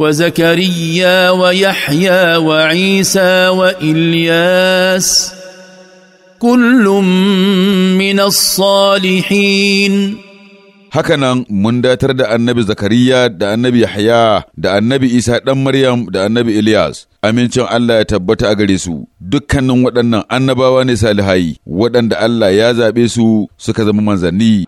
وزكريا ويحيى وعيسى والياس كل من الصالحين hakanan mun datar da annabi zakariya da annabi yahya da annabi isa ɗan maryam da annabi ilyas amincin allah ya tabbata a gare su dukkanin waɗannan annabawa ne salihai waɗanda allah ya zaɓe su suka zama manzanni